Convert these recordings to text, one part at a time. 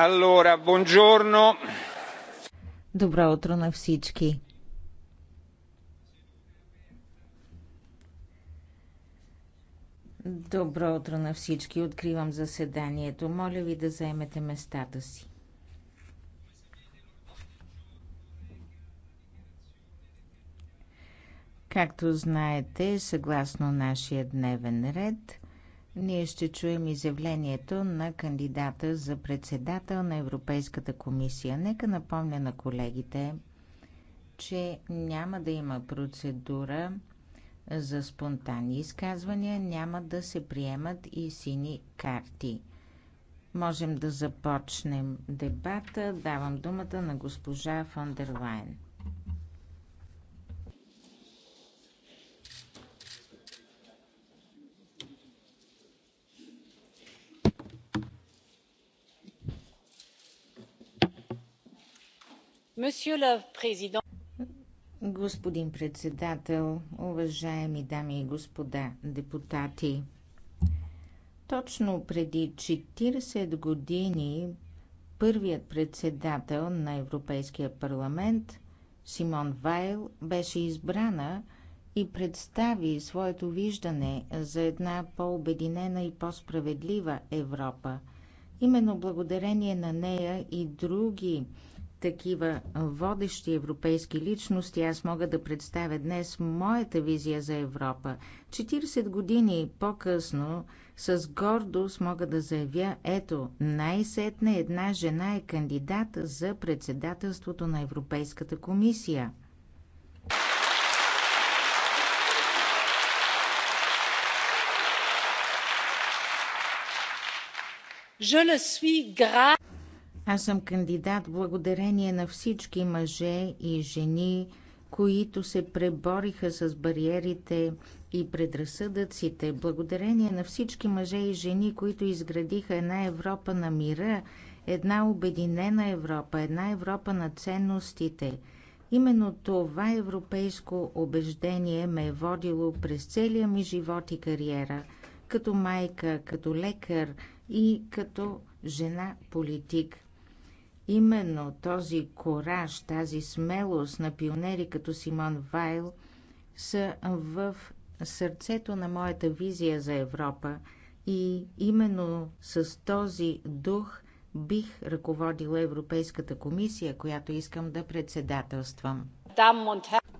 Allora, buongiorno. Добро утро на всички. Добро утро на всички. Откривам заседанието. Моля ви да заемете местата си. Както знаете, съгласно нашия дневен ред, ние ще чуем изявлението на кандидата за председател на Европейската комисия. Нека напомня на колегите, че няма да има процедура за спонтанни изказвания, няма да се приемат и сини карти. Можем да започнем дебата. Давам думата на госпожа фон Лайн. Господин председател, уважаеми дами и господа депутати, точно преди 40 години първият председател на Европейския парламент Симон Вайл беше избрана и представи своето виждане за една по-обединена и по-справедлива Европа. Именно благодарение на нея и други такива водещи европейски личности, аз мога да представя днес моята визия за Европа. 40 години по-късно с гордост мога да заявя, ето, най-сетне една жена е кандидат за председателството на Европейската комисия. Je le suis grave. Аз съм кандидат благодарение на всички мъже и жени, които се пребориха с бариерите и предразсъдъците, благодарение на всички мъже и жени, които изградиха една Европа на мира, една обединена Европа, една Европа на ценностите. Именно това европейско убеждение ме е водило през целия ми живот и кариера, като майка, като лекар и като жена политик. Именно този кораж, тази смелост на пионери като Симон Вайл са в сърцето на моята визия за Европа и именно с този дух бих ръководила Европейската комисия, която искам да председателствам.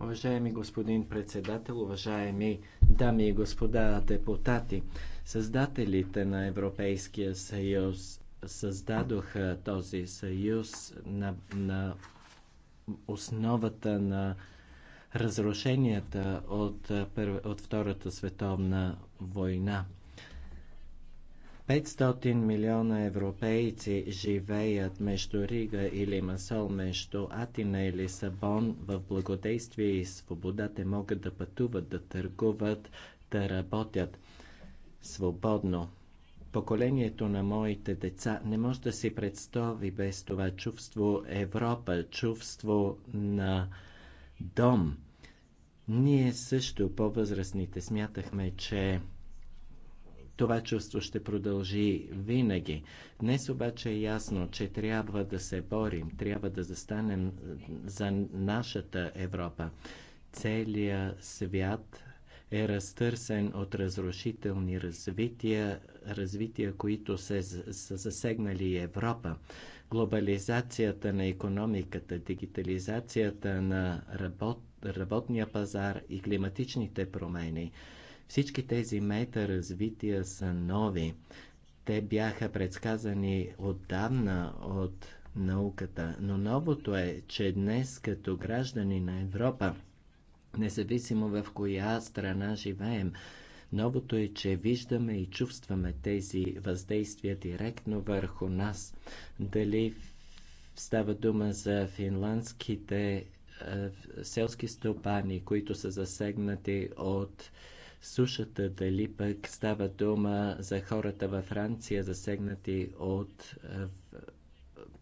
Уважаеми господин председател, уважаеми дами и господа депутати, създателите на Европейския съюз създадоха този съюз на, на основата на разрушенията от, от Втората световна война. 500 милиона европейци живеят между Рига или Масол, между Атина или Сабон, В благодействие и свобода те могат да пътуват, да търгуват, да работят свободно поколението на моите деца не може да си представи без това чувство Европа, чувство на дом. Ние също, по-възрастните, смятахме, че това чувство ще продължи винаги. Днес обаче е ясно, че трябва да се борим, трябва да застанем за нашата Европа. Целият свят е разтърсен от разрушителни развития, развития, които се, са засегнали Европа. Глобализацията на економиката, дигитализацията на работ, работния пазар и климатичните промени. Всички тези мета-развития са нови. Те бяха предсказани отдавна от науката, но новото е, че днес като граждани на Европа – независимо в коя страна живеем. Новото е, че виждаме и чувстваме тези въздействия директно върху нас. Дали става дума за финландските е, селски стопани, които са засегнати от сушата, дали пък става дума за хората във Франция, засегнати от е,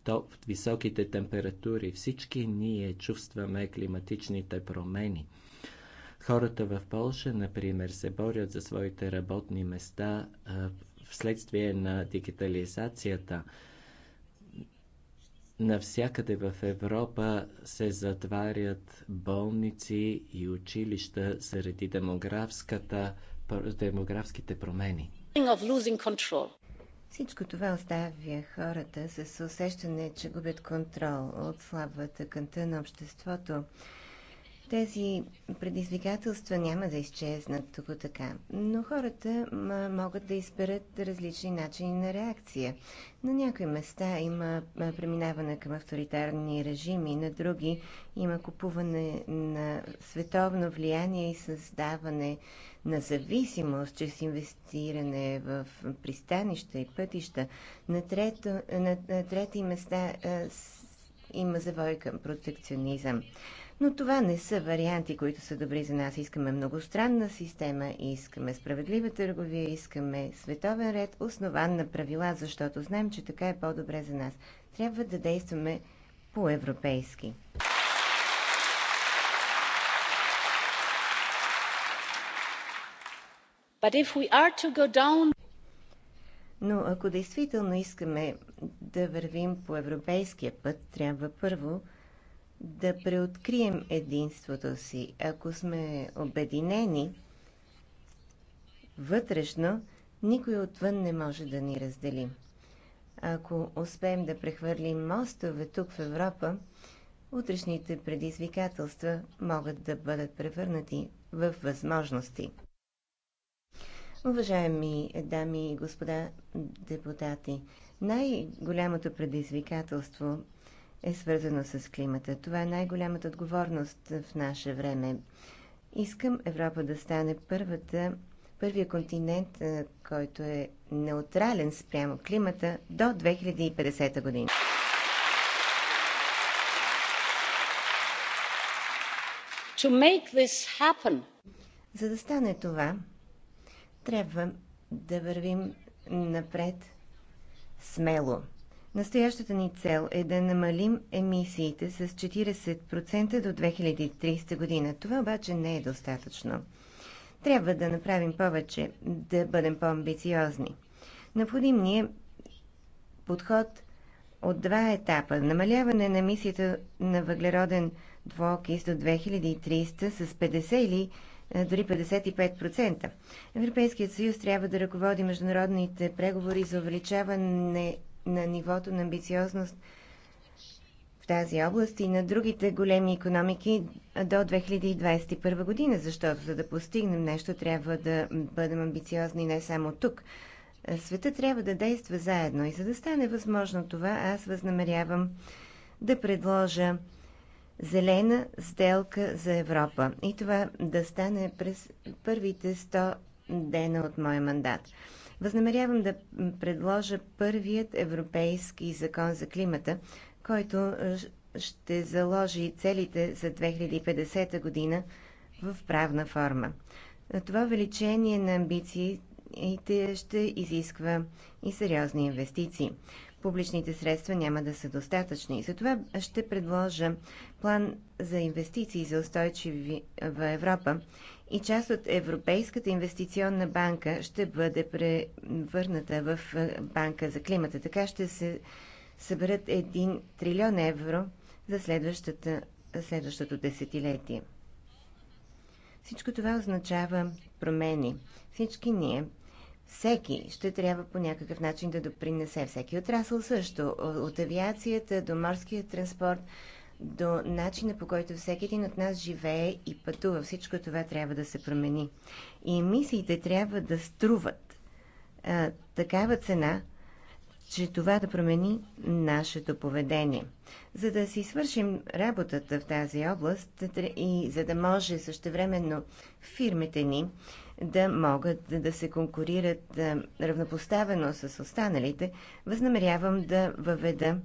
топ, високите температури. Всички ние чувстваме климатичните промени. Хората в Польша, например, се борят за своите работни места вследствие на дигитализацията. Навсякъде в Европа се затварят болници и училища заради демографските промени. Всичко това оставя хората с усещане, че губят контрол от слабата кънта на обществото тези предизвикателства няма да изчезнат тук така, но хората могат да изберат различни начини на реакция. На някои места има преминаване към авторитарни режими, на други има купуване на световно влияние и създаване на зависимост чрез инвестиране в пристанища и пътища. На, трето, на, на трети места има завой към протекционизъм. Но това не са варианти, които са добри за нас. Искаме многостранна система, искаме справедлива търговия, искаме световен ред, основан на правила, защото знаем, че така е по-добре за нас. Трябва да действаме по-европейски. Down... Но ако действително искаме да вървим по европейския път, трябва първо да преоткрием единството си. Ако сме обединени вътрешно, никой отвън не може да ни раздели. Ако успеем да прехвърлим мостове тук в Европа, утрешните предизвикателства могат да бъдат превърнати в възможности. Уважаеми дами и господа депутати, най-голямото предизвикателство е свързано с климата. Това е най-голямата отговорност в наше време. Искам Европа да стане първата, първия континент, който е неутрален спрямо климата до 2050 година. To make this happen. За да стане това, трябва да вървим напред смело. Настоящата ни цел е да намалим емисиите с 40% до 2030 година. Това обаче не е достатъчно. Трябва да направим повече, да бъдем по-амбициозни. Необходим ни е подход от два етапа. Намаляване на емисията на въглероден двуокис до 2030 с 50 или е, дори 55%. Европейският съюз трябва да ръководи международните преговори за увеличаване на нивото на амбициозност в тази област и на другите големи економики до 2021 година, защото за да постигнем нещо, трябва да бъдем амбициозни не само тук. Света трябва да действа заедно и за да стане възможно това, аз възнамерявам да предложа зелена сделка за Европа. И това да стане през първите 100 дена от моя мандат. Възнамерявам да предложа първият европейски закон за климата, който е, ще заложи целите за 2050 година в правна форма. Това увеличение на амбициите ще изисква и сериозни инвестиции. Публичните средства няма да са достатъчни. Затова ще предложа план за инвестиции за устойчиви в Европа и част от Европейската инвестиционна банка ще бъде превърната в банка за климата. Така ще се съберат 1 трилион евро за следващата, следващото десетилетие. Всичко това означава промени. Всички ние, всеки ще трябва по някакъв начин да допринесе. Всеки отрасъл също, от авиацията до морския транспорт, до начина по който всеки един от нас живее и пътува. Всичко това трябва да се промени. И емисиите трябва да струват а, такава цена, че това да промени нашето поведение. За да си свършим работата в тази област и за да може същевременно фирмите ни да могат да се конкурират равнопоставено с останалите, възнамерявам да въведа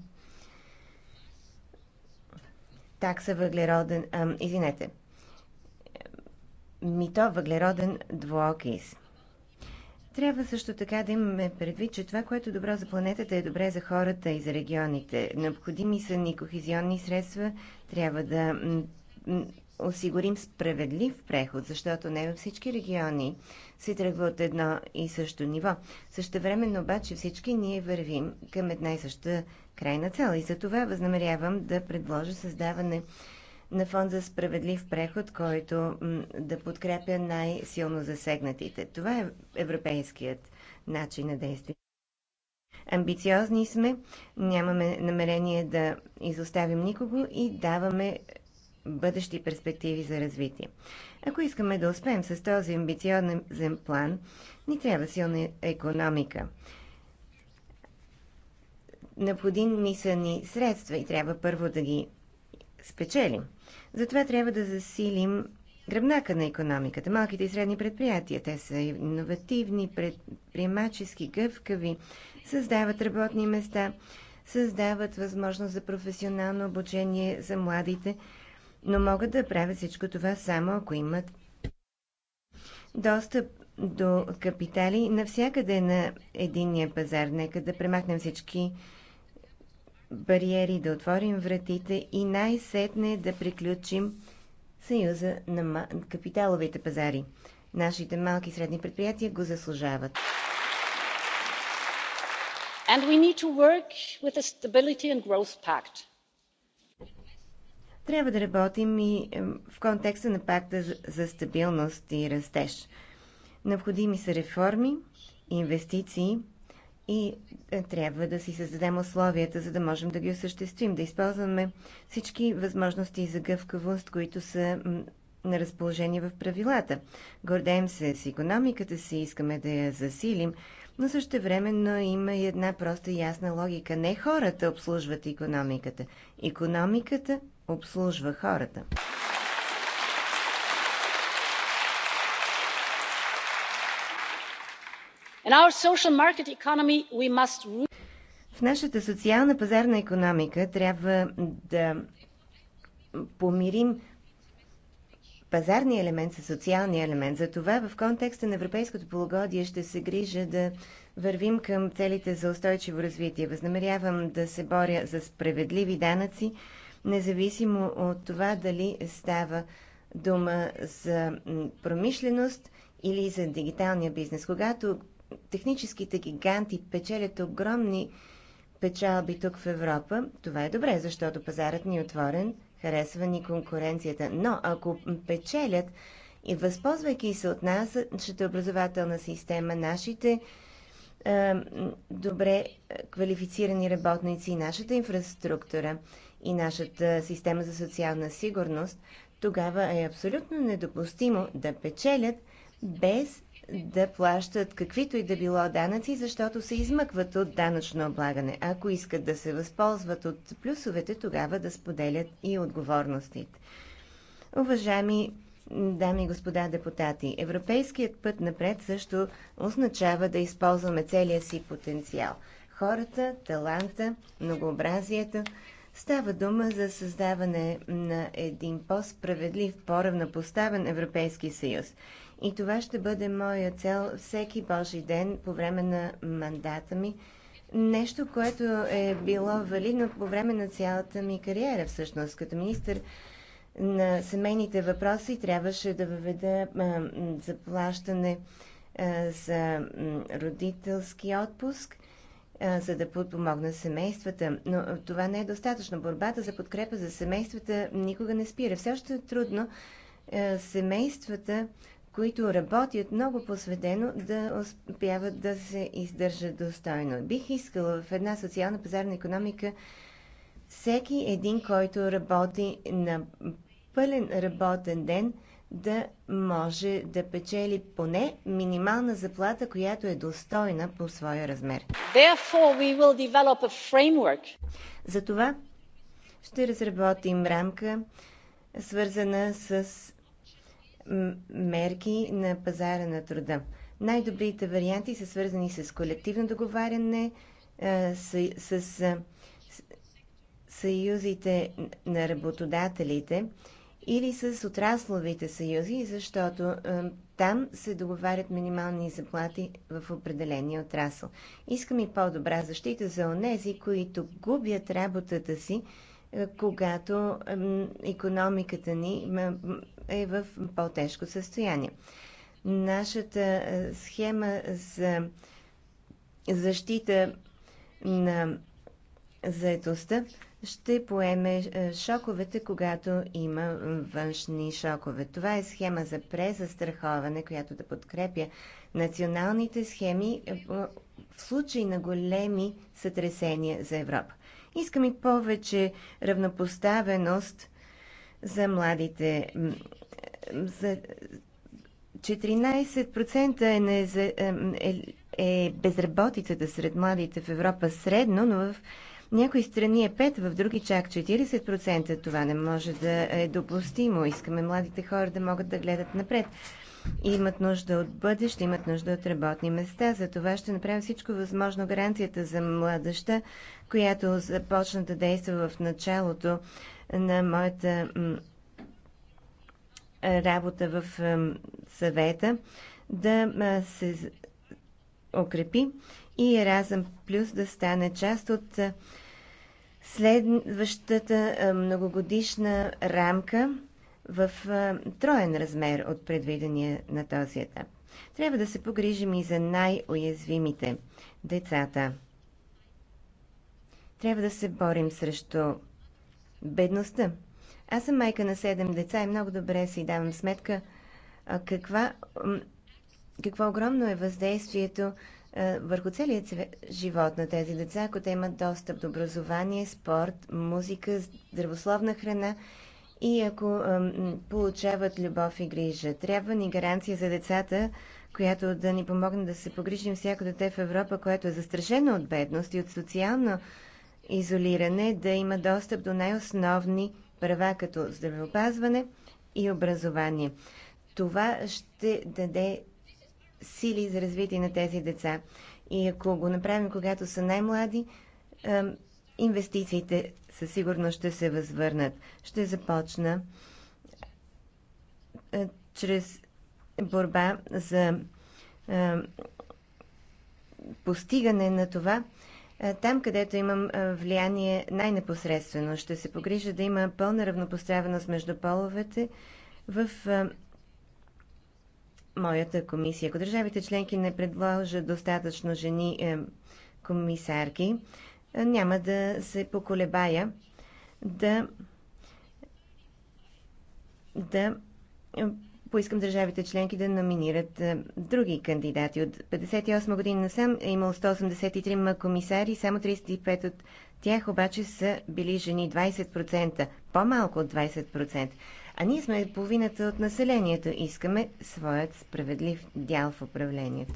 такса въглероден, а, извинете, мито въглероден двуокис. Трябва също така да имаме предвид, че това, което е добро за планетата, е добре за хората и за регионите. Необходими са ни кохезионни средства, трябва да осигурим справедлив преход, защото не във всички региони се тръгва от едно и също ниво. Същевременно обаче всички ние вървим към една и съща крайна цел. И за това възнамерявам да предложа създаване на фонд за справедлив преход, който да подкрепя най-силно засегнатите. Това е европейският начин на действие. Амбициозни сме, нямаме намерение да изоставим никого и даваме бъдещи перспективи за развитие. Ако искаме да успеем с този амбициозен план, ни трябва силна економика необходими са ни средства и трябва първо да ги спечелим. Затова трябва да засилим гръбнака на економиката, малките и средни предприятия. Те са иновативни, предприемачески, гъвкави, създават работни места, създават възможност за професионално обучение за младите, но могат да правят всичко това само ако имат достъп до капитали навсякъде на единния пазар. Нека да премахнем всички бариери, да отворим вратите и най-сетне да приключим Съюза на капиталовите пазари. Нашите малки и средни предприятия го заслужават. And we need to work with a stability and growth pact. Трябва да работим и в контекста на пакта за стабилност и растеж. Необходими са реформи, инвестиции – и е, трябва да си създадем условията, за да можем да ги осъществим, да използваме всички възможности за гъвкавост, които са на разположение в правилата. Гордеем се с економиката си, искаме да я засилим, но също времено има и една проста и ясна логика. Не хората обслужват економиката. Економиката обслужва хората. В нашата социална пазарна економика трябва да помирим пазарния елемент със социалния елемент. За това в контекста на европейското полугодие ще се грижа да вървим към целите за устойчиво развитие. Възнамерявам да се боря за справедливи данъци, независимо от това дали става дума за промишленост или за дигиталния бизнес. Когато техническите гиганти печелят огромни печалби тук в Европа, това е добре, защото пазарът ни е отворен, харесва ни конкуренцията. Но ако печелят и възползвайки се от нашата образователна система, нашите е, добре е, квалифицирани работници, нашата инфраструктура и нашата система за социална сигурност, тогава е абсолютно недопустимо да печелят без да плащат каквито и да било данъци, защото се измъкват от данъчно облагане. Ако искат да се възползват от плюсовете, тогава да споделят и отговорностите. Уважаеми дами и господа депутати, европейският път напред също означава да използваме целия си потенциал. Хората, таланта, многообразието, Става дума за създаване на един по-справедлив, по-равнопоставен Европейски съюз. И това ще бъде моя цел всеки Божи ден по време на мандата ми. Нещо, което е било валидно по време на цялата ми кариера, всъщност. Като министър на семейните въпроси трябваше да въведа заплащане за родителски отпуск, за да подпомогна семействата. Но това не е достатъчно. Борбата за подкрепа за семействата никога не спира. Все още е трудно семействата които работят много посветено, да успяват да се издържат достойно. Бих искала в една социална пазарна економика всеки един, който работи на пълен работен ден, да може да печели поне минимална заплата, която е достойна по своя размер. Затова ще разработим рамка, свързана с мерки на пазара на труда. Най-добрите варианти са свързани с колективно договаряне, с, с, с съюзите на работодателите или с отрасловите съюзи, защото там се договарят минимални заплати в определения отрасъл. Искам и по-добра защита за онези, които губят работата си когато економиката ни е в по-тежко състояние. Нашата е, схема за защита на заедостта ще поеме е, шоковете, когато има външни шокове. Това е схема за презастраховане, която да подкрепя националните схеми е, в случай на големи сътресения за Европа. Искам и повече равнопоставеност за младите. За 14% е, не, е, е, е безработицата сред младите в Европа средно, но в някои страни е 5, в други чак 40%. Това не може да е допустимо. Искаме младите хора да могат да гледат напред имат нужда от бъдеще, имат нужда от работни места. За това ще направя всичко възможно гаранцията за младеща, която започна да действа в началото на моята работа в съвета, да се укрепи и Еразъм Плюс да стане част от следващата многогодишна рамка в троен размер от предвидения на този етап. Трябва да се погрижим и за най-уязвимите децата. Трябва да се борим срещу бедността. Аз съм майка на 7 деца и много добре си давам сметка каква, какво огромно е въздействието върху целият живот на тези деца, ако те имат достъп до образование, спорт, музика, здравословна храна и ако а, получават любов и грижа. Трябва ни гаранция за децата, която да ни помогне да се погрижим всяко дете в Европа, което е застрашено от бедност и от социално изолиране, да има достъп до най-основни права, като здравеопазване и образование. Това ще даде сили за развитие на тези деца. И ако го направим, когато са най-млади, инвестициите със сигурност ще се възвърнат. Ще започна е, чрез борба за е, постигане на това, е, там, където имам влияние най-непосредствено, ще се погрижа да има пълна равнопоставеност между половете в моята комисия. Ако държавите членки не предложат достатъчно жени комисарки, е, няма да се поколебая да, да е, поискам държавите членки да номинират е, други кандидати. От 58 година насам е имал 183 комисари, само 35 от тях обаче са били жени 20%, по-малко от 20%. А ние сме половината от населението. Искаме своят справедлив дял в управлението.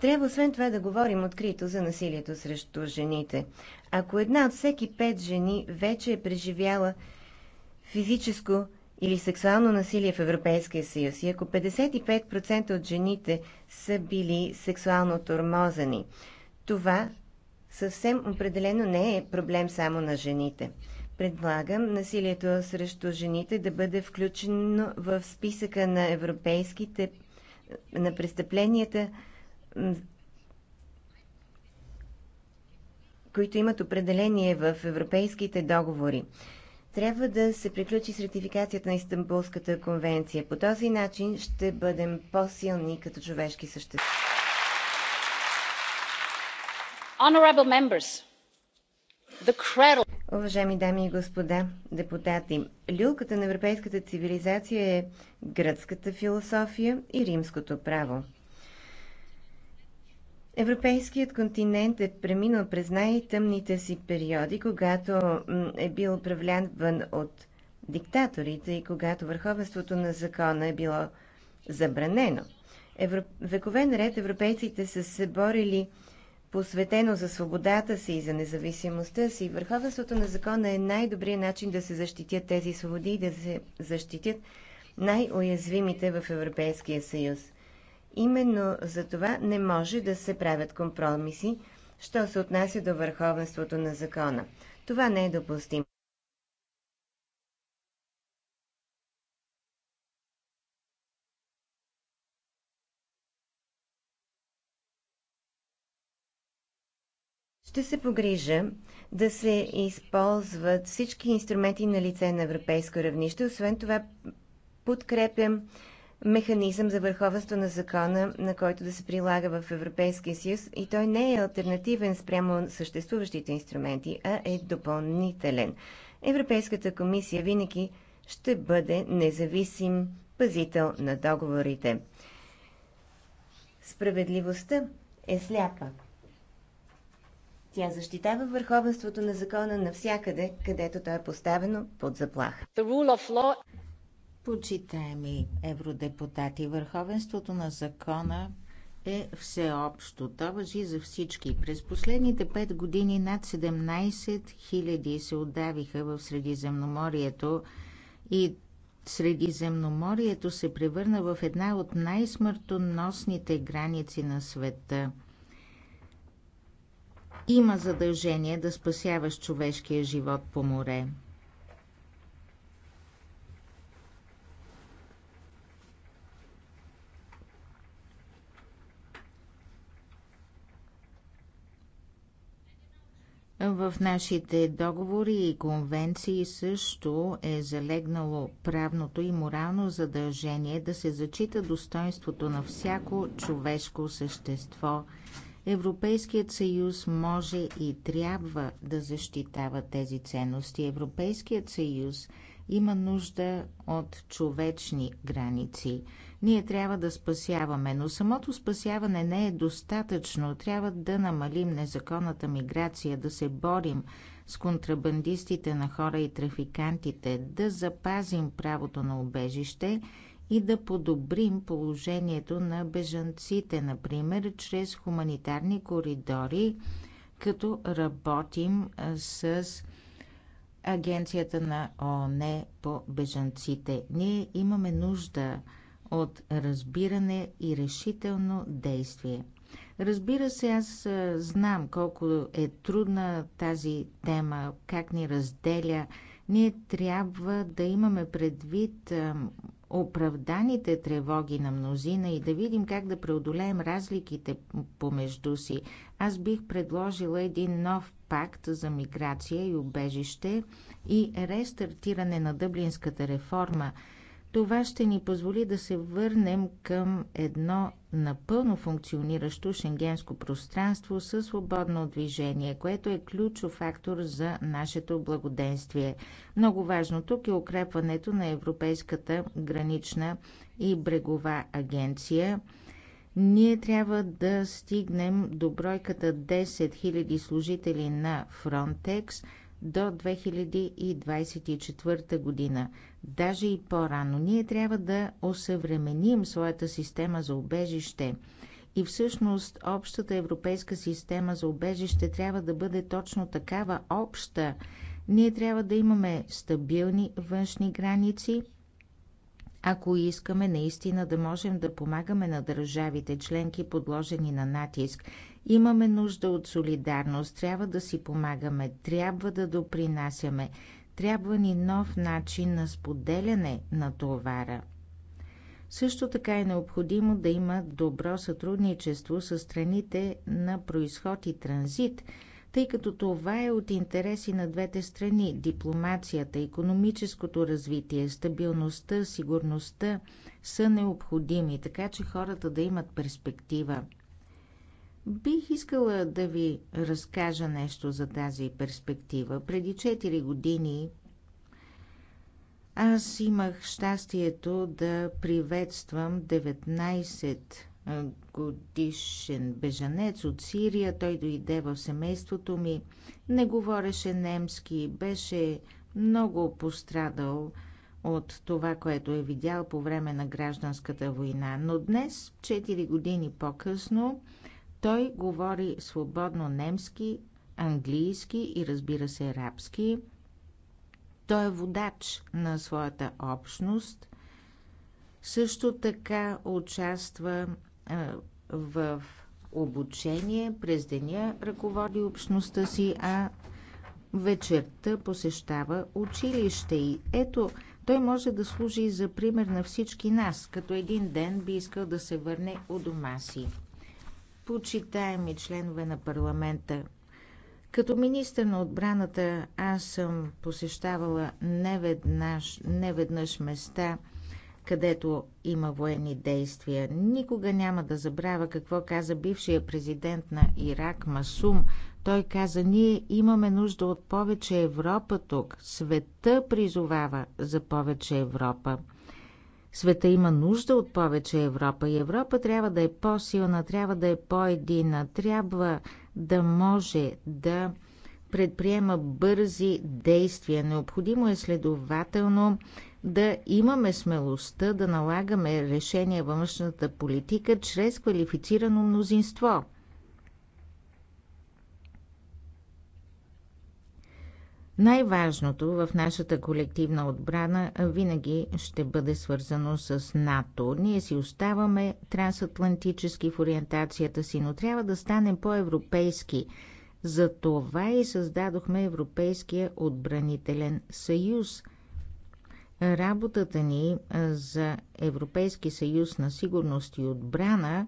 Трябва освен това да говорим открито за насилието срещу жените. Ако една от всеки пет жени вече е преживяла физическо или сексуално насилие в Европейския съюз и ако 55% от жените са били сексуално тормозени, това съвсем определено не е проблем само на жените. Предлагам насилието срещу жените да бъде включено в списъка на европейските на престъпленията, които имат определение в европейските договори. Трябва да се приключи с ратификацията на Истанбулската конвенция. По този начин ще бъдем по-силни като човешки същества. Honorable members, the cradle Уважаеми дами и господа депутати, люлката на европейската цивилизация е гръцката философия и римското право. Европейският континент е преминал през най-тъмните си периоди, когато е бил управляван от диктаторите и когато върховенството на закона е било забранено. Евро... Векове наред европейците са се борили посветено за свободата си и за независимостта си. Върховенството на закона е най-добрият начин да се защитят тези свободи и да се защитят най-уязвимите в Европейския съюз. Именно за това не може да се правят компромиси, що се отнася до върховенството на закона. Това не е допустимо. Ще се погрижа да се използват всички инструменти на лице на европейско равнище. Освен това, подкрепям механизъм за върховенство на закона, на който да се прилага в Европейския съюз и той не е альтернативен спрямо съществуващите инструменти, а е допълнителен. Европейската комисия винаги ще бъде независим пазител на договорите. Справедливостта е сляпа. Тя защитава върховенството на закона навсякъде, където то е поставено под заплаха. Почитаеми евродепутати, върховенството на закона е всеобщо. То въжи за всички. През последните пет години над 17 000 се отдавиха в Средиземноморието и Средиземноморието се превърна в една от най-смъртоносните граници на света – има задължение да спасяваш човешкия живот по море. В нашите договори и конвенции също е залегнало правното и морално задължение да се зачита достоинството на всяко човешко същество – Европейският съюз може и трябва да защитава тези ценности. Европейският съюз има нужда от човечни граници. Ние трябва да спасяваме, но самото спасяване не е достатъчно. Трябва да намалим незаконната миграция, да се борим с контрабандистите на хора и трафикантите, да запазим правото на убежище – и да подобрим положението на бежанците, например чрез хуманитарни коридори, като работим с Агенцията на ООН по бежанците. Ние имаме нужда от разбиране и решително действие. Разбира се, аз знам колко е трудна тази тема, как ни разделя. Ние трябва да имаме предвид оправданите тревоги на мнозина и да видим как да преодолеем разликите помежду си. Аз бих предложила един нов пакт за миграция и убежище и рестартиране на дъблинската реформа – това ще ни позволи да се върнем към едно напълно функциониращо шенгенско пространство със свободно движение, което е ключов фактор за нашето благоденствие. Много важно тук е укрепването на Европейската гранична и брегова агенция. Ние трябва да стигнем до бройката 10 000 служители на Frontex – до 2024 година, даже и по-рано. Ние трябва да осъвременим своята система за убежище. И всъщност общата европейска система за убежище трябва да бъде точно такава обща. Ние трябва да имаме стабилни външни граници, ако искаме наистина да можем да помагаме на държавите членки подложени на натиск Имаме нужда от солидарност, трябва да си помагаме, трябва да допринасяме, трябва ни нов начин на споделяне на товара. Също така е необходимо да има добро сътрудничество с страните на происход и транзит, тъй като това е от интереси на двете страни – дипломацията, економическото развитие, стабилността, сигурността са необходими, така че хората да имат перспектива – Бих искала да ви разкажа нещо за тази перспектива. Преди 4 години аз имах щастието да приветствам 19 годишен бежанец от Сирия. Той дойде в семейството ми, не говореше немски, беше много пострадал от това, което е видял по време на гражданската война. Но днес, 4 години по-късно, той говори свободно немски, английски и разбира се арабски. Той е водач на своята общност. Също така участва в обучение през деня ръководи общността си, а вечерта посещава училище и ето той може да служи за пример на всички нас, като един ден би искал да се върне у дома си почитаеми членове на парламента. Като министър на отбраната аз съм посещавала неведнъж, неведнъж места, където има военни действия. Никога няма да забравя какво каза бившия президент на Ирак Масум. Той каза, ние имаме нужда от повече Европа тук. Света призовава за повече Европа. Света има нужда от повече Европа и Европа трябва да е по-силна, трябва да е по-едина, трябва да може да предприема бързи действия. Необходимо е следователно да имаме смелостта да налагаме решения във външната политика чрез квалифицирано мнозинство – Най-важното в нашата колективна отбрана винаги ще бъде свързано с НАТО. Ние си оставаме трансатлантически в ориентацията си, но трябва да станем по-европейски. За това и създадохме Европейския отбранителен съюз. Работата ни за Европейски съюз на сигурност и отбрана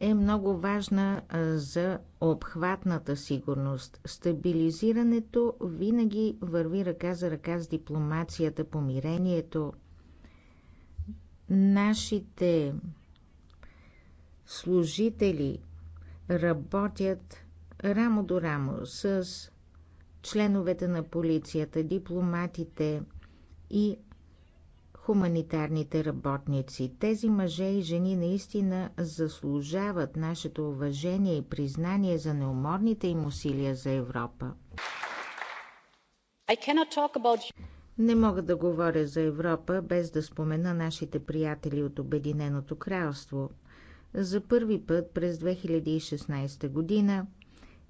е много важна за обхватната сигурност. Стабилизирането винаги върви ръка за ръка с дипломацията, помирението. Нашите служители работят рамо до рамо с членовете на полицията, дипломатите и хуманитарните работници. Тези мъже и жени наистина заслужават нашето уважение и признание за неуморните им усилия за Европа. About... Не мога да говоря за Европа без да спомена нашите приятели от Обединеното кралство. За първи път през 2016 година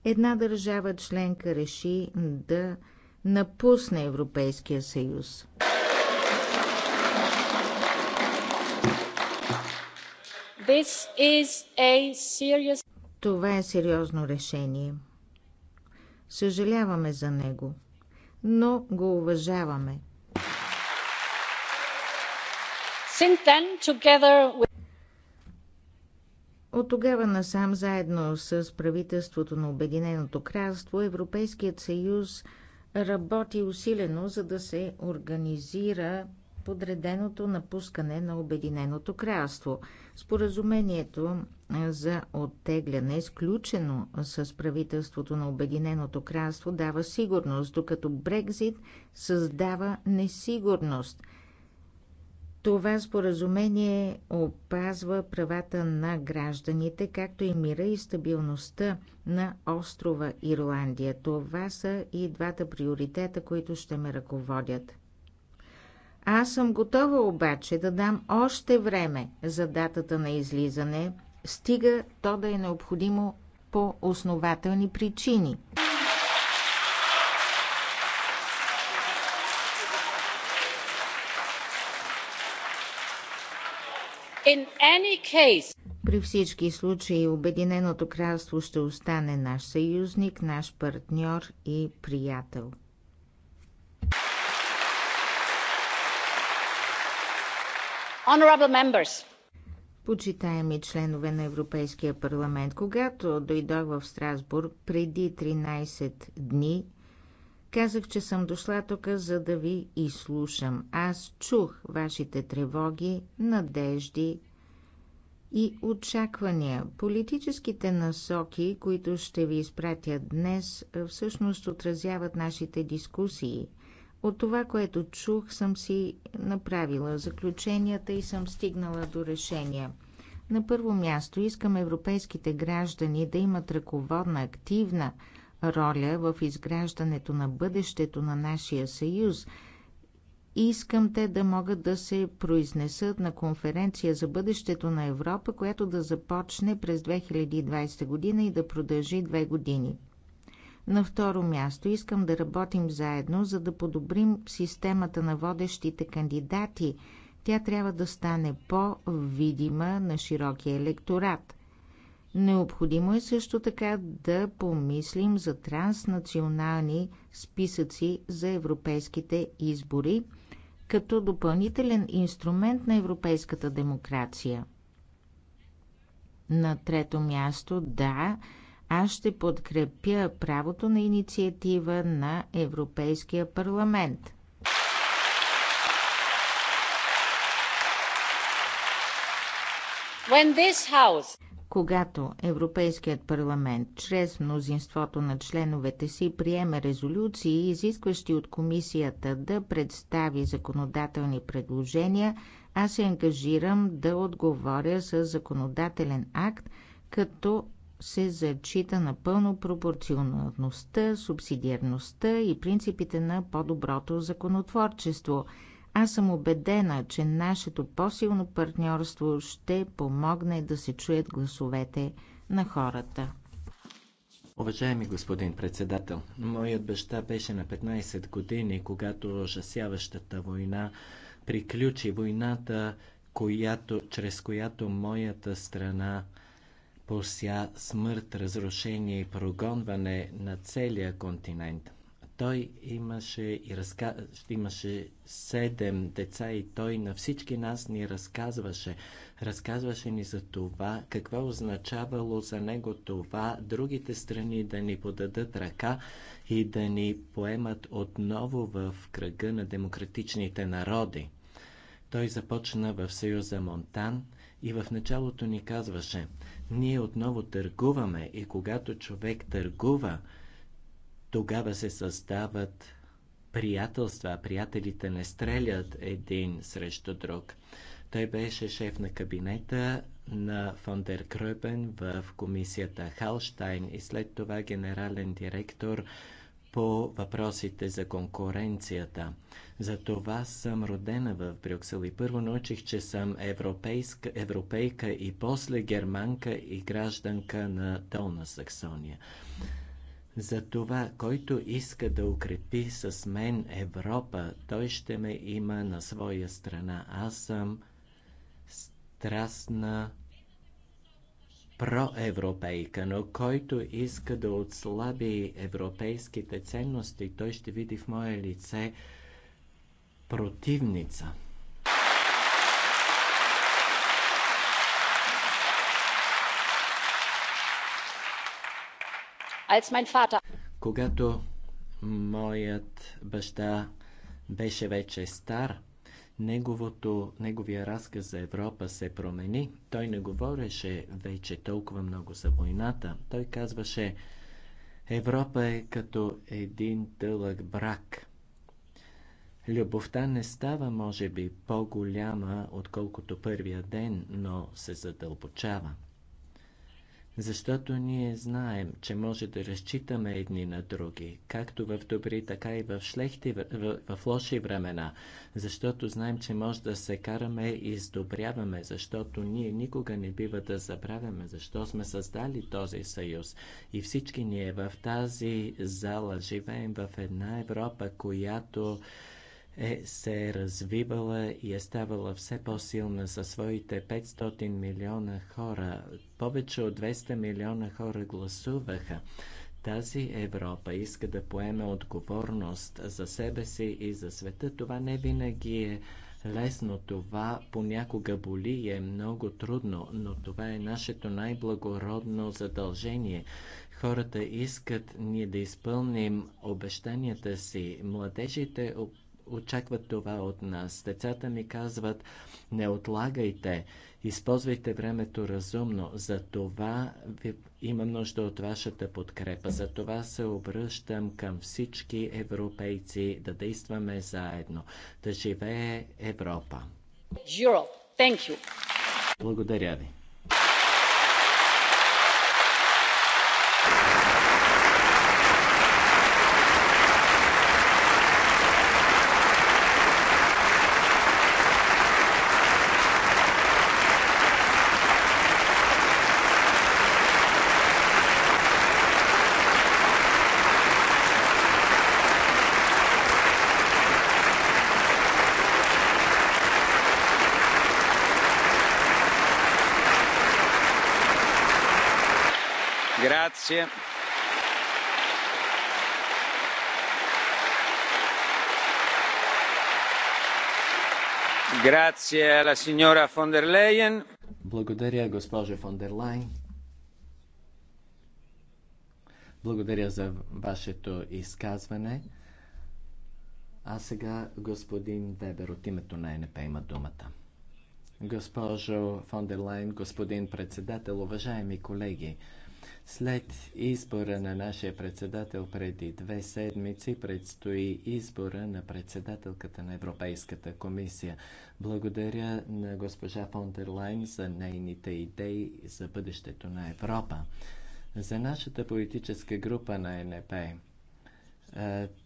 една държава членка реши да напусне Европейския съюз. Това е сериозно решение. Съжаляваме за него, но го уважаваме. От тогава насам, заедно с правителството на Обединеното кралство, Европейският съюз работи усилено, за да се организира подреденото напускане на Обединеното кралство. Споразумението за оттегляне, сключено с правителството на Обединеното кралство, дава сигурност, докато Брекзит създава несигурност. Това споразумение опазва правата на гражданите, както и мира и стабилността на острова Ирландия. Това са и двата приоритета, които ще ме ръководят. Аз съм готова обаче да дам още време за датата на излизане, стига то да е необходимо по основателни причини. Case... При всички случаи Обединеното кралство ще остане наш съюзник, наш партньор и приятел. Почитаеми членове на Европейския парламент, когато дойдох в Страсбург преди 13 дни, казах, че съм дошла тук, за да ви изслушам. Аз чух вашите тревоги, надежди и очаквания. Политическите насоки, които ще ви изпратя днес, всъщност отразяват нашите дискусии – от това, което чух, съм си направила заключенията и съм стигнала до решения. На първо място искам европейските граждани да имат ръководна, активна роля в изграждането на бъдещето на нашия съюз. Искам те да могат да се произнесат на конференция за бъдещето на Европа, която да започне през 2020 година и да продължи две години – на второ място искам да работим заедно, за да подобрим системата на водещите кандидати. Тя трябва да стане по-видима на широкия електорат. Необходимо е също така да помислим за транснационални списъци за европейските избори като допълнителен инструмент на европейската демокрация. На трето място, да, аз ще подкрепя правото на инициатива на Европейския парламент. House... Когато Европейският парламент чрез мнозинството на членовете си приеме резолюции, изискващи от комисията да представи законодателни предложения, аз се ангажирам да отговоря с законодателен акт, като се зачита напълно пропорционалността, субсидиарността и принципите на по-доброто законотворчество. Аз съм убедена, че нашето по-силно партньорство ще помогне да се чуят гласовете на хората. Уважаеми господин председател, моят баща беше на 15 години, когато ужасяващата война приключи войната, която, чрез която моята страна пося смърт, разрушение и прогонване на целия континент. Той имаше, и разка... имаше седем деца и той на всички нас ни разказваше. Разказваше ни за това, какво означавало за него това другите страни да ни подадат ръка и да ни поемат отново в кръга на демократичните народи. Той започна в Съюза Монтан и в началото ни казваше, ние отново търгуваме и когато човек търгува, тогава се създават приятелства. Приятелите не стрелят един срещу друг. Той беше шеф на кабинета на Фондер Кръбен в комисията Халштайн и след това генерален директор по въпросите за конкуренцията. Затова съм родена в Брюксел и първо научих, че съм европейска, европейка и после германка и гражданка на Долна Саксония. Затова, който иска да укрепи с мен Европа, той ще ме има на своя страна. Аз съм страстна проевропейка, но който иска да отслаби европейските ценности, той ще види в мое лице противница. Когато моят баща беше вече стар, Неговото, неговия разказ за Европа се промени. Той не говореше вече толкова много за войната. Той казваше, Европа е като един дълъг брак. Любовта не става, може би, по-голяма, отколкото първия ден, но се задълбочава. Защото ние знаем, че може да разчитаме едни на други, както в добри, така и в, шлехти, в, в лоши времена. Защото знаем, че може да се караме и издобряваме, защото ние никога не бива да забравяме, защо сме създали този съюз. И всички ние в тази зала живеем в една Европа, която е се е развивала и е ставала все по-силна със своите 500 милиона хора. Повече от 200 милиона хора гласуваха. Тази Европа иска да поеме отговорност за себе си и за света. Това не винаги е лесно, това понякога боли и е много трудно, но това е нашето най-благородно задължение. Хората искат ние да изпълним обещанията си. Младежите очакват това от нас. Децата ми казват, не отлагайте, използвайте времето разумно. За това ви, имам нужда от вашата подкрепа. За това се обръщам към всички европейци да действаме заедно. Да живее Европа! Europe. Thank you. Благодаря ви. grazie. Grazie alla signora von der Leyen. Благодаря, госпожо фон дер Лайн. Благодаря за вашето изказване. А сега господин Вебер от името на НП има думата. Госпожо фон дер Лайн, господин председател, уважаеми колеги, след избора на нашия председател преди две седмици предстои избора на председателката на Европейската комисия. Благодаря на госпожа Лайн за нейните идеи за бъдещето на Европа. За нашата политическа група на НП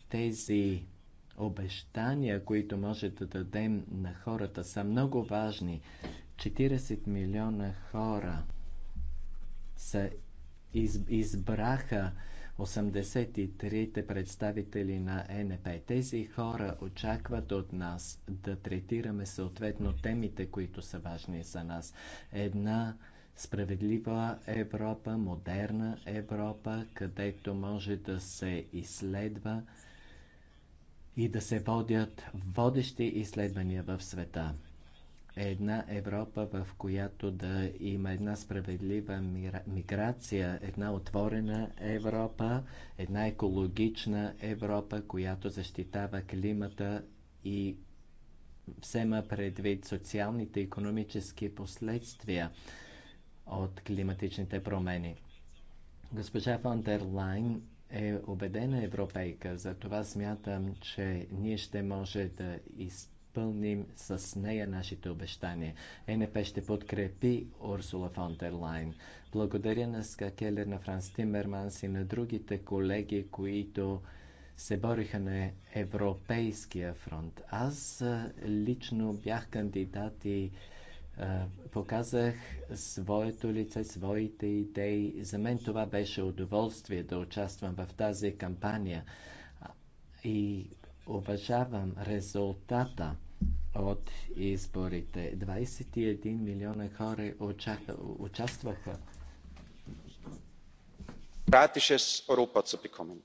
тези обещания, които може да дадем на хората, са много важни. 40 милиона хора са избраха 83-те представители на НП. Тези хора очакват от нас да третираме съответно темите, които са важни за нас. Една справедлива Европа, модерна Европа, където може да се изследва и да се водят водещи изследвания в света една Европа, в която да има една справедлива миграция, една отворена Европа, една екологична Европа, която защитава климата и взема предвид социалните и економически последствия от климатичните промени. Госпожа фон дер Лайн е убедена европейка, затова смятам, че ние ще може да изпълним изпълним с нея нашите обещания. ЕНП ще подкрепи Урсула фон дер Лайн. Благодаря на Ска Келер, на Франс Тимерманс и на другите колеги, които се бориха на Европейския фронт. Аз лично бях кандидат и показах своето лице, своите идеи. За мен това беше удоволствие да участвам в тази кампания. И уважавам резултата от изборите. 21 милиона хора участваха. Демократisches Europa zu bekommen.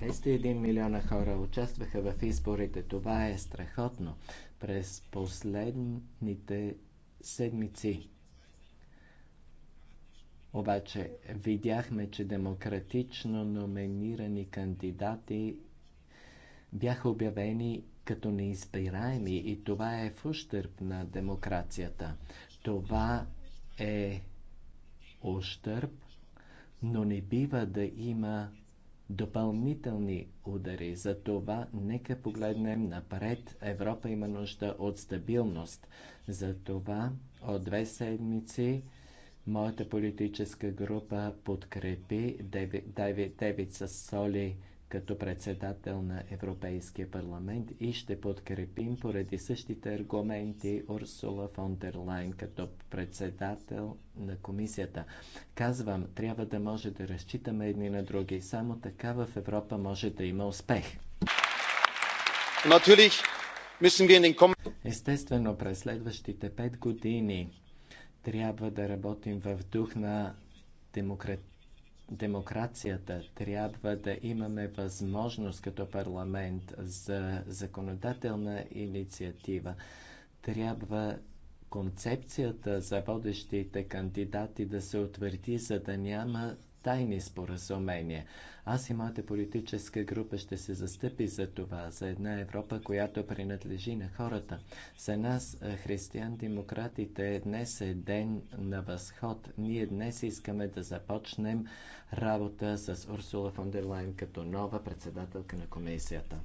201 милиона хора участваха в изборите. Това е страхотно. През последните седмици обаче видяхме, че демократично номинирани кандидати бяха обявени като неизбираеми и това е в ущърп на демокрацията. Това е ущърп, но не бива да има допълнителни удари. За това нека погледнем напред. Европа има нужда от стабилност. За това от две седмици моята политическа група подкрепи Девица Соли като председател на Европейския парламент и ще подкрепим поради същите аргументи Урсула фон дер Лайн като председател на комисията. Казвам, трябва да може да разчитаме едни на други. Само така в Европа може да има успех. Естествено, през следващите пет години трябва да работим в дух на демократ демокрацията трябва да имаме възможност като парламент за законодателна инициатива. Трябва концепцията за водещите кандидати да се утвърди, за да няма тайни споразумения. Аз и моята политическа група ще се застъпи за това, за една Европа, която принадлежи на хората. За нас, е, християн-демократите, е днес е ден на възход. Ние днес искаме да започнем работа с Урсула фон дер Лайн като нова председателка на комисията.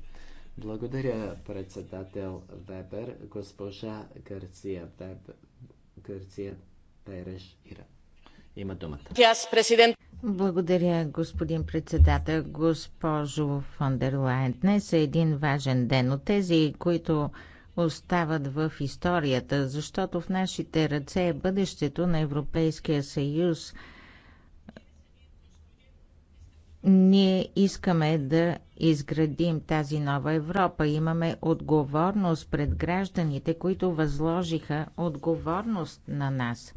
Благодаря, председател Вебер, госпожа Гарция Веб... Гарция Переш Ира. Има думата. Yes, благодаря, господин председател, госпожо Фондерлайн. Днес е един важен ден от тези, които остават в историята, защото в нашите ръце е бъдещето на Европейския съюз. Ние искаме да изградим тази нова Европа. Имаме отговорност пред гражданите, които възложиха отговорност на нас.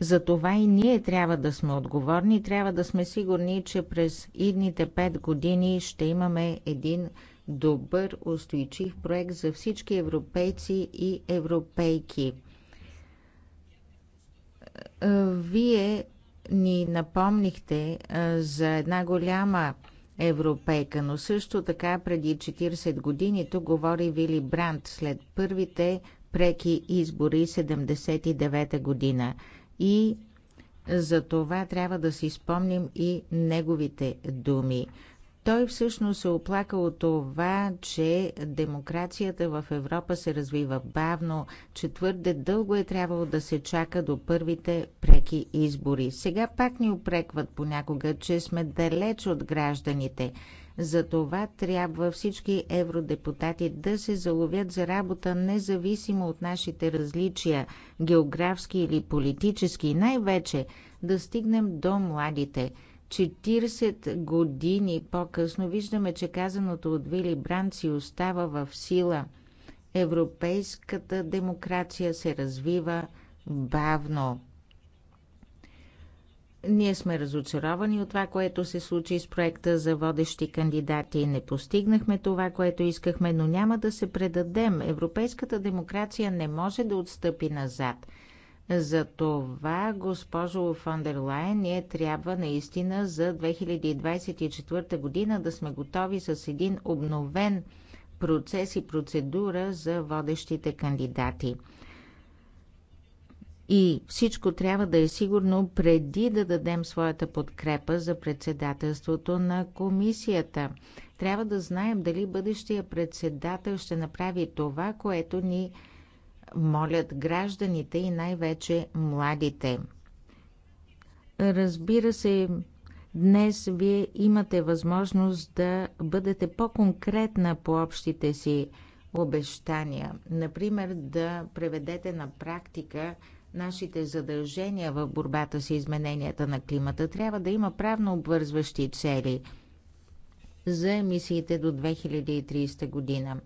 За това и ние трябва да сме отговорни, трябва да сме сигурни, че през идните пет години ще имаме един добър, устойчив проект за всички европейци и европейки. Е, вие ни напомнихте е, за една голяма европейка, но също така преди 40 години тук говори Вили Бранд след първите преки избори 79 та година и за това трябва да си спомним и неговите думи. Той всъщност се оплака от това, че демокрацията в Европа се развива бавно, че твърде дълго е трябвало да се чака до първите преки избори. Сега пак ни опрекват понякога, че сме далеч от гражданите. Затова трябва всички евродепутати да се заловят за работа, независимо от нашите различия, географски или политически, най-вече да стигнем до младите. 40 години по-късно виждаме, че казаното от Вили Бранд си остава в сила. Европейската демокрация се развива бавно. Ние сме разочаровани от това, което се случи с проекта за водещи кандидати. Не постигнахме това, което искахме, но няма да се предадем. Европейската демокрация не може да отстъпи назад. За това, госпожо Фондерлайн, ние трябва наистина за 2024 година да сме готови с един обновен процес и процедура за водещите кандидати. И всичко трябва да е сигурно преди да дадем своята подкрепа за председателството на комисията. Трябва да знаем дали бъдещия председател ще направи това, което ни молят гражданите и най-вече младите. Разбира се, днес вие имате възможност да бъдете по-конкретна по общите си обещания. Например, да преведете на практика нашите задължения в борбата с измененията на климата. Трябва да има правно обвързващи цели за емисиите до 2030 година.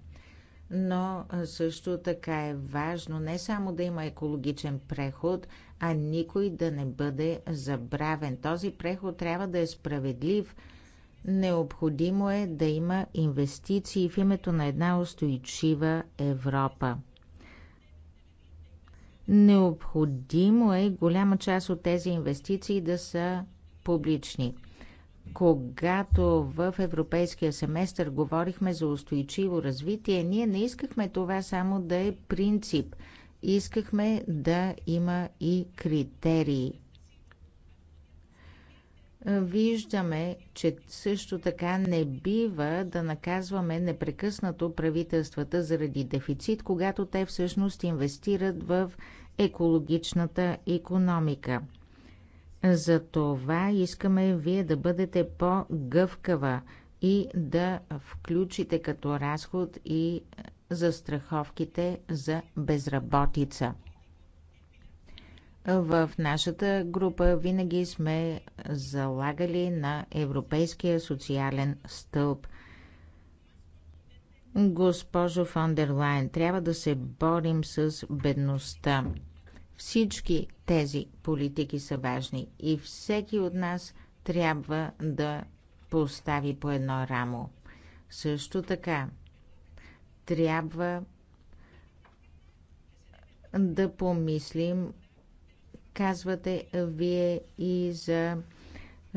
Но също така е важно не само да има екологичен преход, а никой да не бъде забравен. Този преход трябва да е справедлив. Необходимо е да има инвестиции в името на една устойчива Европа. Необходимо е голяма част от тези инвестиции да са публични. Когато в европейския семестър говорихме за устойчиво развитие, ние не искахме това само да е принцип. Искахме да има и критерии. Виждаме, че също така не бива да наказваме непрекъснато правителствата заради дефицит, когато те всъщност инвестират в екологичната економика. това искаме вие да бъдете по-гъвкава и да включите като разход и застраховките за безработица. В нашата група винаги сме залагали на Европейския социален стълб. Госпожо фон трябва да се борим с бедността. Всички тези политики са важни и всеки от нас трябва да постави по едно рамо. Също така, трябва да помислим, казвате вие и за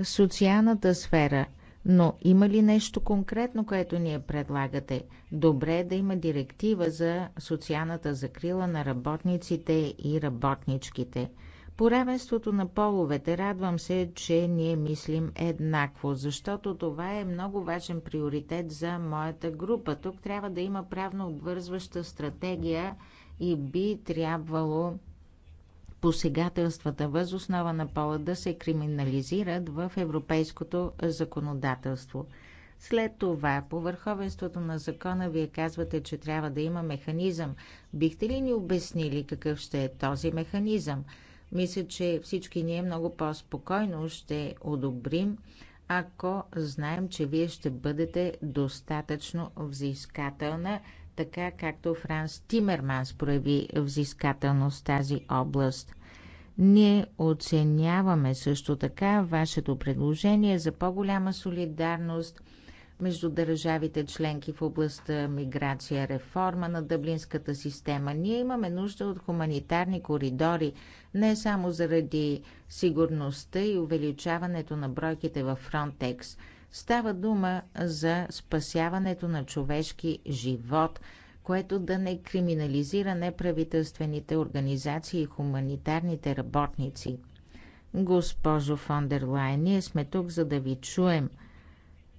социалната сфера – но има ли нещо конкретно, което ние предлагате? Добре е да има директива за социалната закрила на работниците и работничките. По равенството на половете радвам се, че ние мислим еднакво, защото това е много важен приоритет за моята група. Тук трябва да има правно обвързваща стратегия и би трябвало посегателствата въз основа на пола да се криминализират в европейското законодателство. След това, по върховенството на закона, вие казвате, че трябва да има механизъм. Бихте ли ни обяснили какъв ще е този механизъм? Мисля, че всички ние много по-спокойно ще одобрим, ако знаем, че вие ще бъдете достатъчно взискателна така както Франс Тимерманс прояви взискателност в тази област. Ние оценяваме също така вашето предложение за по-голяма солидарност между държавите членки в областта миграция, реформа на дъблинската система. Ние имаме нужда от хуманитарни коридори, не само заради сигурността и увеличаването на бройките във Фронтекс – Става дума за спасяването на човешки живот, което да не криминализира неправителствените организации и хуманитарните работници. Госпожо фон ние сме тук, за да ви чуем.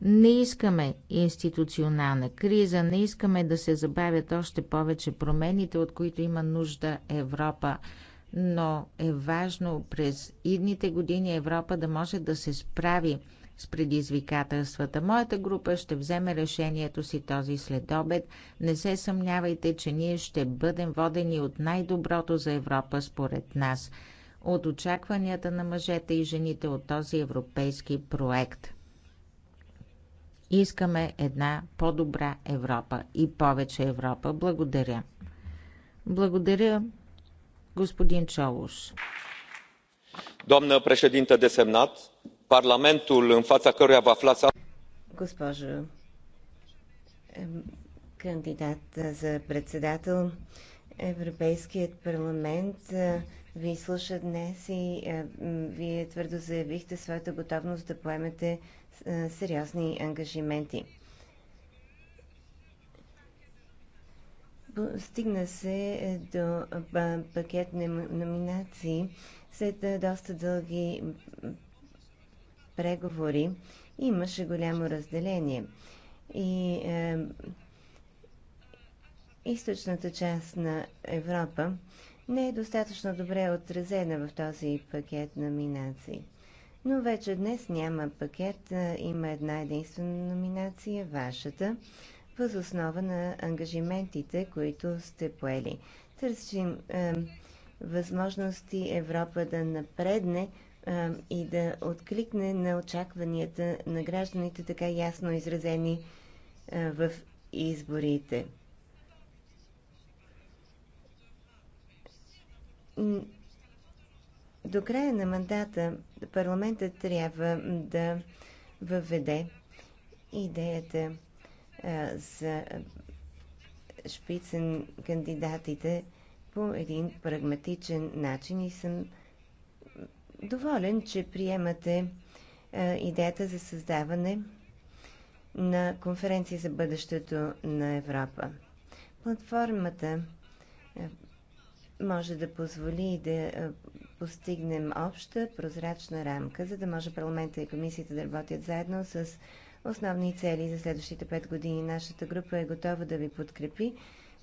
Не искаме институционална криза, не искаме да се забавят още повече промените, от които има нужда Европа но е важно през идните години Европа да може да се справи с предизвикателствата. Моята група ще вземе решението си този следобед. Не се съмнявайте, че ние ще бъдем водени от най-доброто за Европа според нас, от очакванията на мъжете и жените от този европейски проект. Искаме една по-добра Европа и повече Европа. Благодаря. Благодаря, господин Чолуш. Домна președintă десемнат, parlamentul în fața căruia vă aflați Госпожо кандидат за председател, Европейският парламент е, ви слуша днес и е, вие твърдо заявихте своята готовност да поемете е, сериозни ангажименти. Стигна се до пакет номинации след доста дълги преговори имаше голямо разделение. И е, източната част на Европа не е достатъчно добре отразена в този пакет номинации. Но вече днес няма пакет, е, има една единствена номинация, вашата, въз основа на ангажиментите, които сте поели. Търсим е, възможности Европа да напредне а, и да откликне на очакванията на гражданите, така ясно изразени а, в изборите. До края на мандата парламентът трябва да въведе идеята а, за шпицен кандидатите по един прагматичен начин и съм доволен, че приемате е, идеята за създаване на конференция за бъдещето на Европа. Платформата е, може да позволи да е, постигнем обща прозрачна рамка, за да може парламента и комисията да работят заедно с основни цели за следващите 5 години. Нашата група е готова да ви подкрепи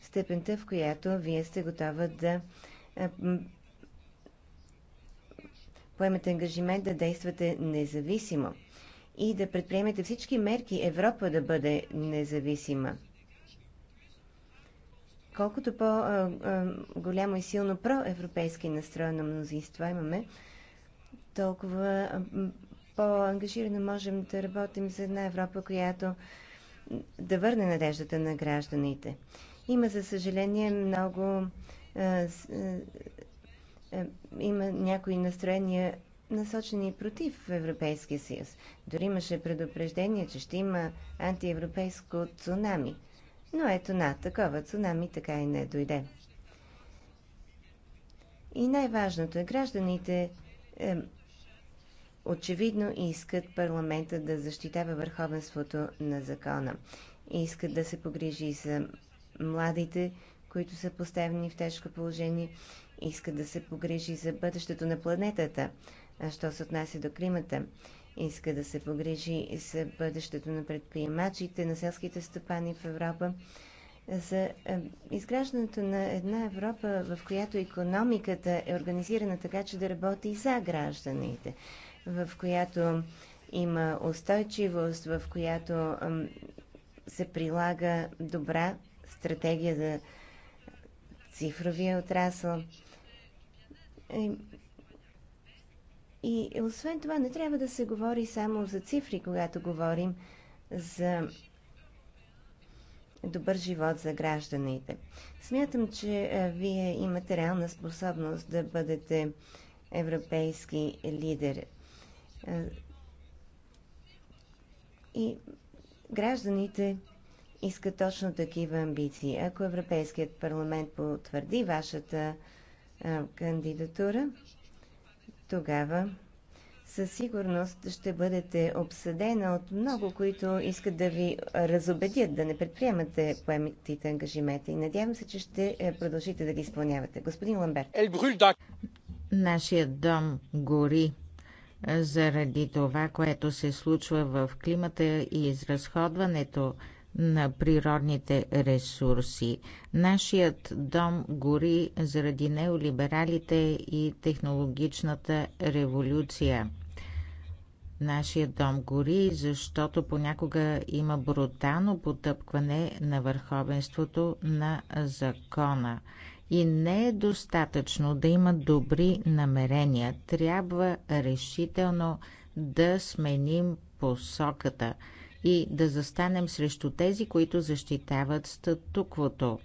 степента, в която вие сте готова да поемете ангажимент да действате независимо и да предприемете всички мерки Европа да бъде независима. Колкото по-голямо и силно проевропейски настроено на мнозинство имаме, толкова по-ангажирано можем да работим за една Европа, която да върне надеждата на гражданите. Има, за съжаление, много е, има някои настроения насочени против Европейския съюз. Дори имаше предупреждение, че ще има антиевропейско цунами. Но ето на, такова цунами така и не дойде. И най-важното е, гражданите е, очевидно искат парламента да защитава върховенството на закона. Искат да се погрижи и за младите, които са поставени в тежко положение иска да се погрижи за бъдещето на планетата, а що се отнася до климата. Иска да се погрижи за бъдещето на предприемачите, на селските стопани в Европа, за е, изграждането на една Европа, в която економиката е организирана така, че да работи за гражданите, в която има устойчивост, в която се прилага добра стратегия за цифровия отрасъл. И освен това, не трябва да се говори само за цифри, когато говорим за добър живот за гражданите. Смятам, че е, вие имате реална способност да бъдете европейски лидер. Е, и гражданите искат точно такива амбиции. Ако Европейският парламент потвърди вашата кандидатура, тогава със сигурност ще бъдете обсъдена от много, които искат да ви разобедят, да не предприемате поемите ангажименти. Надявам се, че ще е, продължите да ги изпълнявате. Господин Ламберт. Нашият дом гори заради това, което се случва в климата и изразходването на природните ресурси. Нашият дом гори заради неолибералите и технологичната революция. Нашият дом гори, защото понякога има брутално потъпкване на върховенството на закона. И не е достатъчно да има добри намерения. Трябва решително да сменим посоката – и да застанем срещу тези, които защитават статуквото.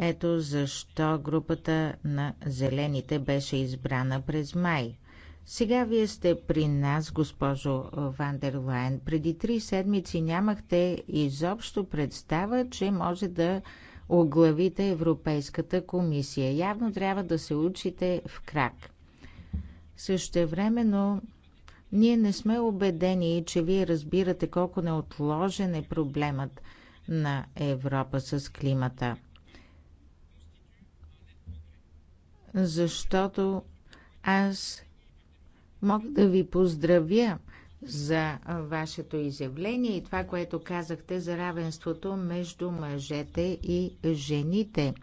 Ето защо групата на зелените беше избрана през май. Сега вие сте при нас, госпожо Вандерлайн. Преди три седмици нямахте изобщо представа, че може да оглавите Европейската комисия. Явно трябва да се учите в крак. Също времено. Ние не сме убедени, че вие разбирате колко неотложен е проблемът на Европа с климата. Защото аз мога да ви поздравя за вашето изявление и това, което казахте за равенството между мъжете и жените.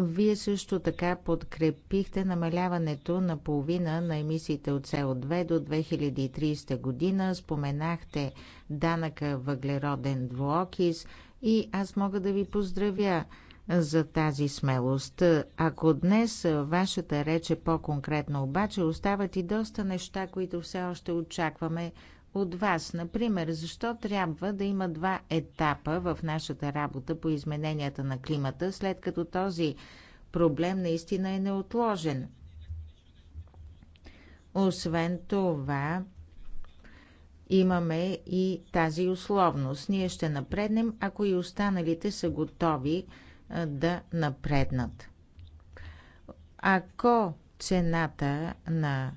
Вие също така подкрепихте намаляването на половина на емисиите от СО2 до 2030 година. Споменахте данъка въглероден двуокис и аз мога да ви поздравя за тази смелост. Ако днес вашата реч е по-конкретна, обаче остават и доста неща, които все още очакваме от вас. Например, защо трябва да има два етапа в нашата работа по измененията на климата, след като този проблем наистина е неотложен? Освен това, имаме и тази условност. Ние ще напреднем, ако и останалите са готови да напреднат. Ако цената на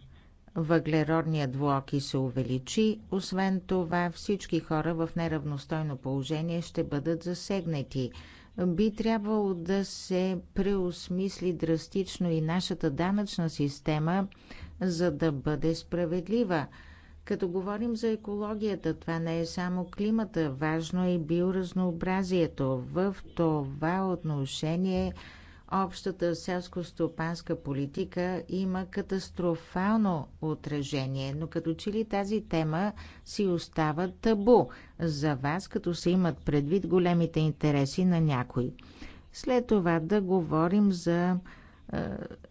Въглеродният двуоки се увеличи, освен това всички хора в неравностойно положение ще бъдат засегнати. Би трябвало да се преосмисли драстично и нашата данъчна система, за да бъде справедлива. Като говорим за екологията, това не е само климата, важно е и биоразнообразието. В това отношение общата селско-стопанска политика има катастрофално отражение, но като че ли тази тема си остава табу за вас, като се имат предвид големите интереси на някой. След това да говорим за е,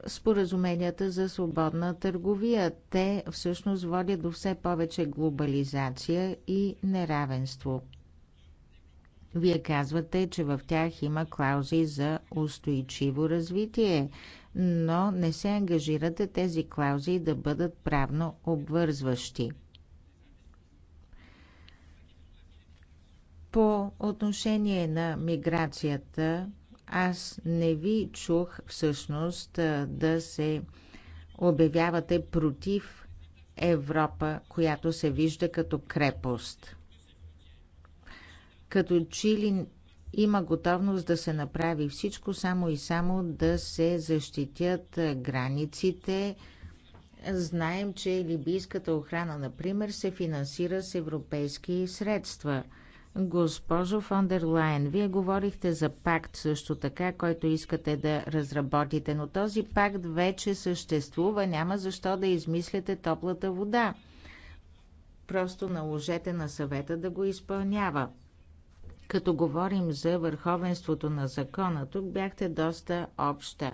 споразуменията за свободна търговия. Те всъщност водят до все повече глобализация и неравенство. Вие казвате, че в тях има клаузи за устойчиво развитие, но не се ангажирате тези клаузи да бъдат правно обвързващи. По отношение на миграцията, аз не ви чух всъщност да се обявявате против Европа, която се вижда като крепост. Като че ли има готовност да се направи всичко само и само да се защитят е, границите. Знаем, че либийската охрана, например, се финансира с европейски средства. Госпожо фон дер вие говорихте за пакт също така, който искате да разработите, но този пакт вече съществува, няма защо да измисляте топлата вода. Просто наложете на съвета да го изпълнява. Като говорим за върховенството на закона, тук бяхте доста обща.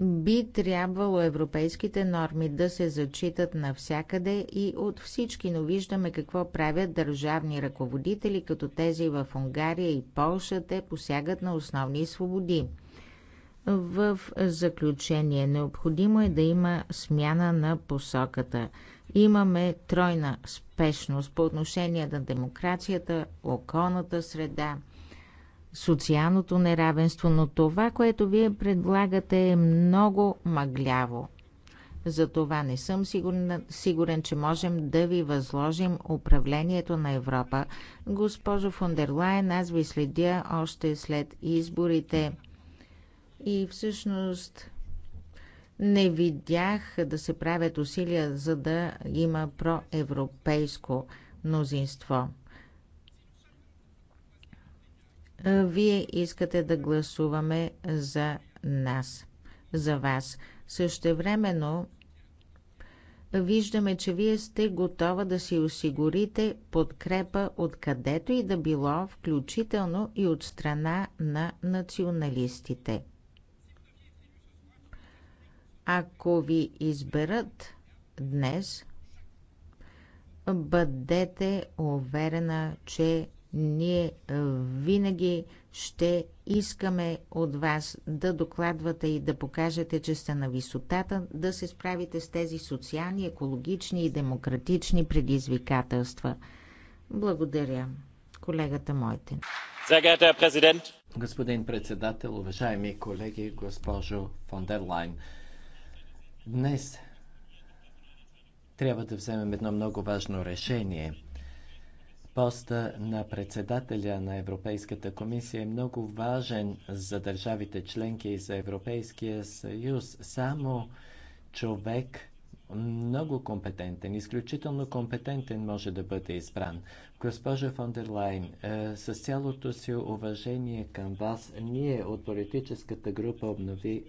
Би трябвало европейските норми да се зачитат навсякъде и от всички, но виждаме какво правят държавни ръководители, като тези в Унгария и Полша, те посягат на основни свободи. В заключение, необходимо е да има смяна на посоката. Имаме тройна спешност по отношение на демокрацията, околната среда, социалното неравенство, но това, което вие предлагате е много мъгляво. Затова не съм сигурен, сигурен, че можем да ви възложим управлението на Европа. Госпожо Фондерлайн, аз ви следя още след изборите – и всъщност не видях да се правят усилия, за да има проевропейско мнозинство. Вие искате да гласуваме за нас, за вас. Същевременно виждаме, че вие сте готова да си осигурите подкрепа откъдето и да било, включително и от страна на националистите. Ако ви изберат днес, бъдете уверена, че ние винаги ще искаме от вас да докладвате и да покажете, че сте на висотата, да се справите с тези социални, екологични и демократични предизвикателства. Благодаря. Колегата Мойтен. Господин председател, уважаеми колеги, госпожо фон дер Днес трябва да вземем едно много важно решение. Поста на председателя на Европейската комисия е много важен за държавите членки и за Европейския съюз. Само човек много компетентен, изключително компетентен може да бъде избран. Госпожа фон е, с цялото си уважение към вас, ние от политическата група обнови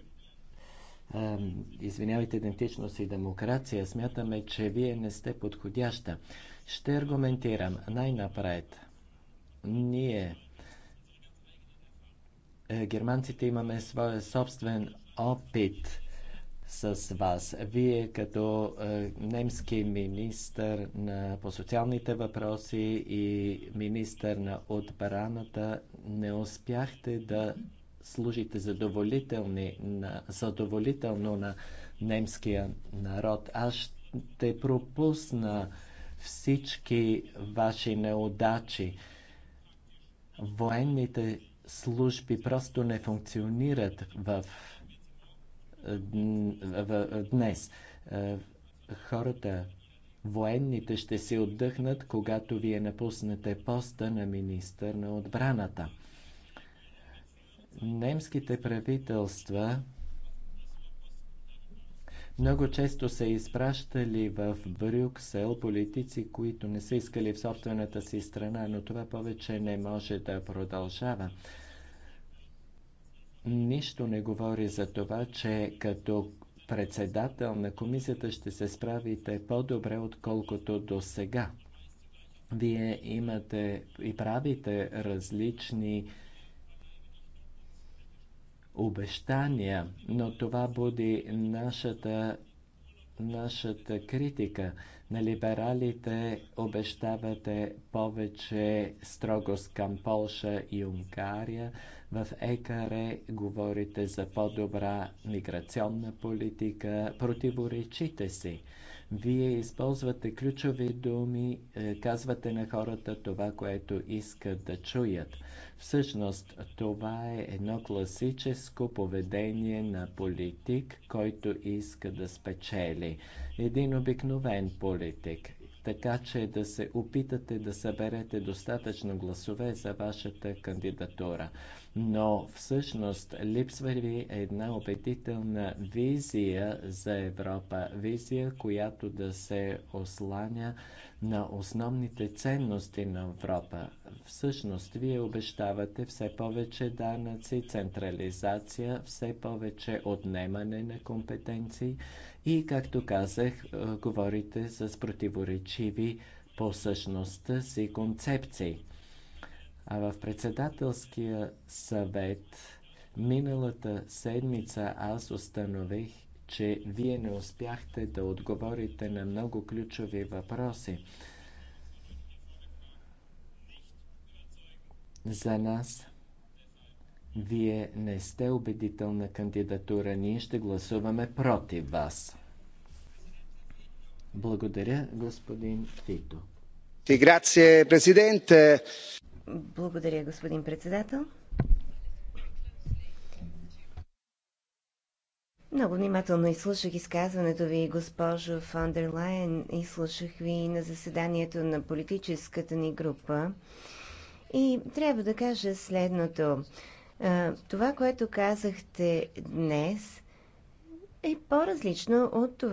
извинявайте, идентичност и демокрация, смятаме, че вие не сте подходяща. Ще аргументирам най-напред. Ние, е, германците, имаме своя собствен опит с вас. Вие като е, немски министър на, по социалните въпроси и министър на отбраната не успяхте да служите задоволителни на, задоволително на немския народ. Аз ще пропусна всички ваши неудачи. Военните служби просто не функционират в, в, днес. Е, хората, военните ще се отдъхнат, когато вие напуснете поста на министър на отбраната немските правителства много често са изпращали в брюксел политици които не са искали в собствената си страна но това повече не може да продължава. нищо не говори за това че като председател на комисията ще се справите по-добре отколкото досега. вие имате и правите различни обещания, но това буди нашата, нашата критика. На либералите обещавате повече строгост към Полша и Унгария. В ЕКАРЕ говорите за по-добра миграционна политика. Противоречите си. Вие използвате ключови думи, е, казвате на хората това, което искат да чуят. Всъщност, това е едно класическо поведение на политик, който иска да спечели. Един обикновен политик така че да се опитате да съберете достатъчно гласове за вашата кандидатура. Но всъщност липсва ви една убедителна визия за Европа, визия, която да се осланя на основните ценности на Европа. Всъщност, вие обещавате все повече данъци, централизация, все повече отнемане на компетенции, и, както казах, е, говорите с противоречиви по същността си концепции. А в председателския съвет миналата седмица аз установих, че вие не успяхте да отговорите на много ключови въпроси. За нас вие не сте убедителна кандидатура. Ние ще гласуваме против вас. Благодаря, господин Фито. Благодаря, господин председател. Много внимателно изслушах изказването ви, госпожо фон дер Лайен. Изслушах ви на заседанието на политическата ни група. И трябва да кажа следното. Това, което казахте днес, е по-различно от това,